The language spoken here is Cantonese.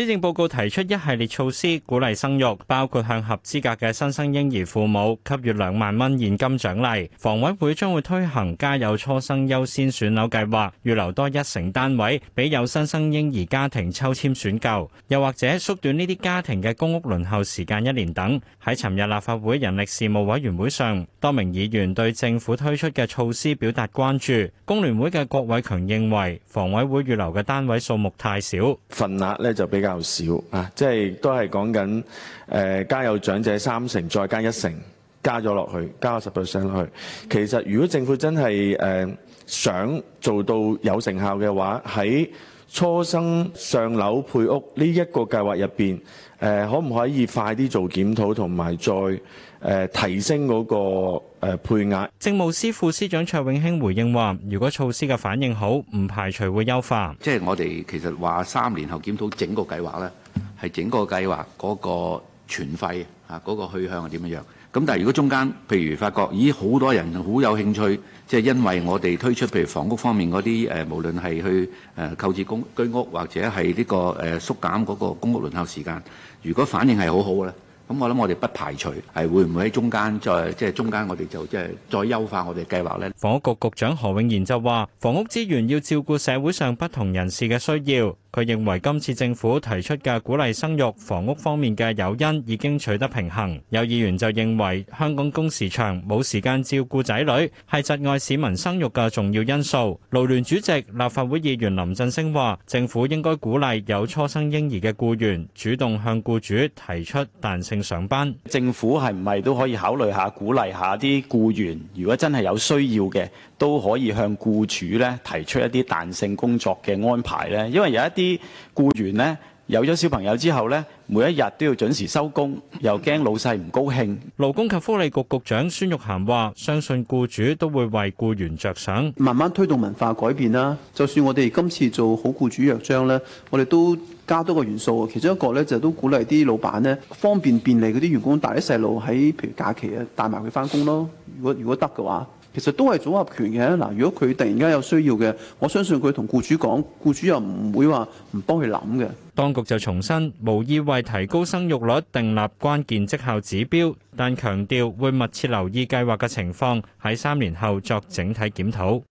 施政報告提出一系列措施鼓勵生育，包括向合資格嘅新生嬰兒父母給予兩萬蚊現金獎勵。房委會將會推行家有初生優先選樓計劃，預留多一成單位俾有新生嬰兒家庭抽籤選購，又或者縮短呢啲家庭嘅公屋輪候時間一年等。喺尋日立法會人力事務委員會上，多名議員對政府推出嘅措施表達關注。工聯會嘅郭偉強認為，房委會預留嘅單位數目太少，份額呢就比較較少啊，即係都係講緊誒，家有長者三成，再加一成，加咗落去，加咗十 percent 落去。其實如果政府真係誒、呃、想做到有成效嘅話，喺初生上樓配屋呢一個計劃入邊，誒、呃、可唔可以快啲做檢討，同埋再誒、呃、提升嗰個配額？政務司副司長卓永興回應話：如果措施嘅反應好，唔排除會優化。即係我哋其實話三年後檢討整個計劃咧，係整個計劃嗰個全費。啊！嗰、那個去向係點樣樣？咁但係如果中間，譬如發覺，咦！好多人好有興趣，即係因為我哋推出譬如房屋方面嗰啲誒，無論係去誒購置公居屋，或者係呢、這個誒、呃、縮減嗰個公屋輪候時間，如果反應係好好嘅咧。咁我諗我哋不排除係會唔會喺中間再即係中間我哋就即係再優化我哋計劃咧。房屋局局長何永賢就話：房屋資源要照顧社會上不同人士嘅需要。佢認為今次政府提出嘅鼓勵生育房屋方面嘅誘因已經取得平衡。有議員就認為香港工時長，冇時間照顧仔女，係窒礙市民生育嘅重要因素。勞聯主席立法會議員林振昇話：政府應該鼓勵有初生嬰兒嘅僱員主動向僱主提出彈性。上班，政府係唔係都可以考慮下，鼓勵下啲僱員？如果真係有需要嘅，都可以向僱主咧提出一啲彈性工作嘅安排咧，因為有一啲僱員咧。有咗小朋友之後咧，每一日都要準時收工，又驚老細唔高興。勞工及福利局局長孫玉菡話，相信僱主都會為僱員着想，慢慢推動文化改變啦。就算我哋今次做好僱主約章咧，我哋都加多個元素。其中一個咧，就都鼓勵啲老闆咧，方便便利嗰啲員工帶啲細路喺，譬如假期啊，帶埋佢翻工咯。如果如果得嘅話。其實都係組合權嘅，嗱，如果佢突然間有需要嘅，我相信佢同僱主講，僱主又唔會話唔幫佢諗嘅。當局就重申，無意為提高生育率訂立關鍵績效指標，但強調會密切留意計劃嘅情況，喺三年後作整體檢討。